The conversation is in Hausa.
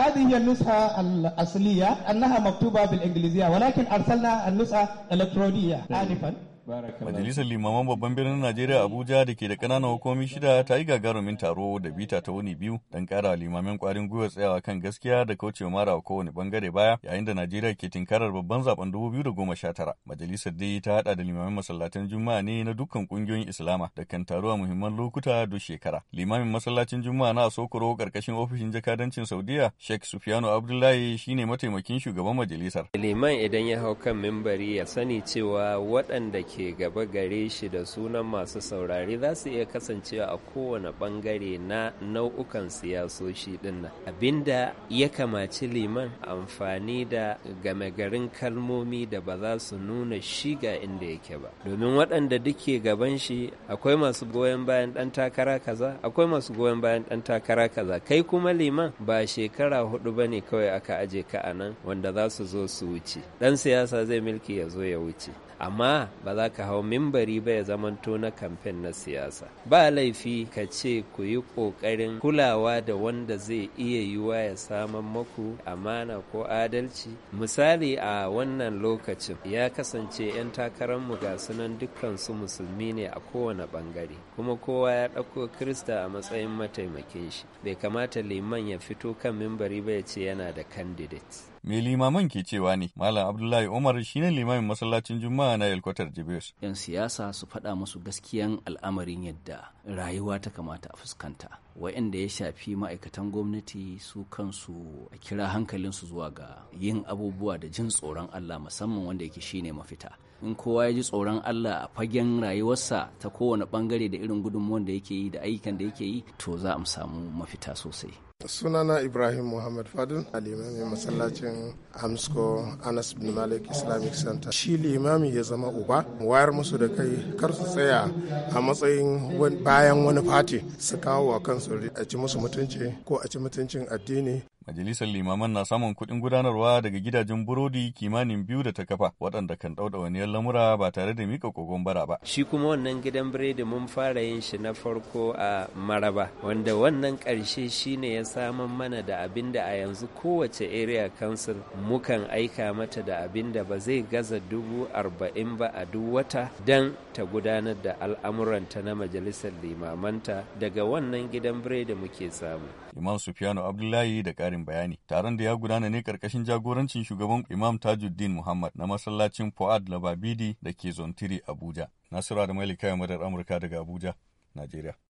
هذه هي النسخة الأصلية أنها مكتوبة بالإنجليزية ولكن أرسلنا النسخة الإلكترونية آنفا Majalisar Limaman Babban Birnin Najeriya Abuja da ke da ƙananan hukumomi shida ta yi gagarumin taro da bita ta wuni biyu don ƙara limamin ƙwarin gwiwa tsayawa kan gaskiya da kaucewa mara kowane bangare baya yayin da Najeriya ke tinkarar babban zaben tara. Majalisar dai ta haɗa da limamin Masallacin Juma'a ne na dukkan ƙungiyoyin Islama da kan taro a muhimman lokuta duk shekara. Limamin masallacin Juma'a na Sokoro ƙarƙashin ofishin jakadancin Saudiya Sheikh Sufiyanu Abdullahi shine mataimakin shugaban majalisar. Liman idan ya hau kan mimbari ya sani cewa waɗanda ke ke gaba gare shi da sunan masu saurari za su iya kasancewa a kowane bangare na nau'ukan siyasoshi dinnan abinda ya kamaci liman amfani da game garin kalmomi da ba za su nuna shiga inda yake ba domin waɗanda duke gaban shi akwai masu goyon bayan ɗan takara kaza akwai masu goyon bayan ɗan takara kaza kai kuma liman ba shekara hudu ba ne kawai aka aje ka anan wanda za su zo su wuce ɗan siyasa zai milki ya zo ya wuce amma ba za ka hau mimbari ba ya zamanto na kamfen na siyasa ba laifi ka ce ku yi ƙoƙarin kulawa da wanda zai iya yiwa ya saman maku amana ko adalci misali a wannan lokacin ya kasance 'yan takararmu ga sunan dukkan su musulmi ne a kowane bangare kuma kowa ya ɗauko krista a matsayin mataimakin shi bai kamata liman ya fito kan mimbari ba ya ce yana da candidate Me limaman ke cewa ne? Malam Abdullahi Umar shi ne limamin masallacin Juma'a na Yalkwatar Jibius. Yan siyasa su faɗa musu gaskiyan al'amarin yadda rayuwa ta kamata a fuskanta. Waɗanda ya shafi ma'aikatan gwamnati su kansu a kira hankalinsu zuwa ga yin abubuwa da jin tsoron Allah musamman wanda yake shine mafita in kowa ya ji tsoron Allah a fagen rayuwarsa ta kowane bangare da irin gudunmuwan da yake yi da ayyukan da yake yi to za a samu mafita sosai sunana ibrahim muhammad fadil limamin masallacin amsko anas bin malik islamic center shi limami ya zama uba wayar musu da kai kar su tsaya a matsayin bayan wani fati su kawo wa kansu tsari a ci musu mutunci ko a ci mutuncin addini Majalisar limaman na samun kuɗin gudanarwa daga gidajen burodi kimanin biyu da ta kafa waɗanda kan ɗauɗa wani lamura ba tare da mika kogon bara ba. Shi kuma wannan gidan biredi mun fara yin shi na farko a Maraba wanda wannan ƙarshe shi ne ya saman mana da abin da a yanzu kowace area council mukan aika mata da abin da ba zai gaza dubu arba'in ba a duk wata dan ta gudanar da al'amuranta na majalisar limamanta daga wannan gidan biredi muke samu. Imam Sufiyanu Abdullahi da ƙarin yin bayani. Taron da ya gudana ne ƙarƙashin jagorancin shugaban Imam Tajuddin Muhammad na masallacin Fuad Lababidi da ke Zontiri Abuja. Nasura da Malika Yamadar Amurka daga Abuja, Najeriya.